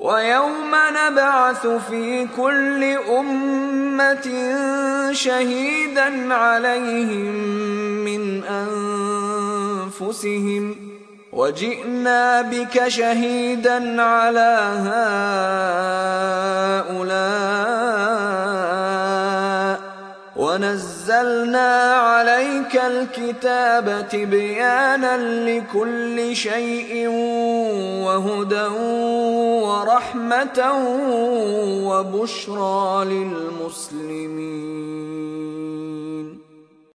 ويوم نبعث في كل أمة شهيدا عليهم من أنفسهم وجئنا بك شهيدا على هؤلاء ونزلنا عليك الكتاب تبيانا لكل شيء وهدى رحمة وبشرى للمسلمين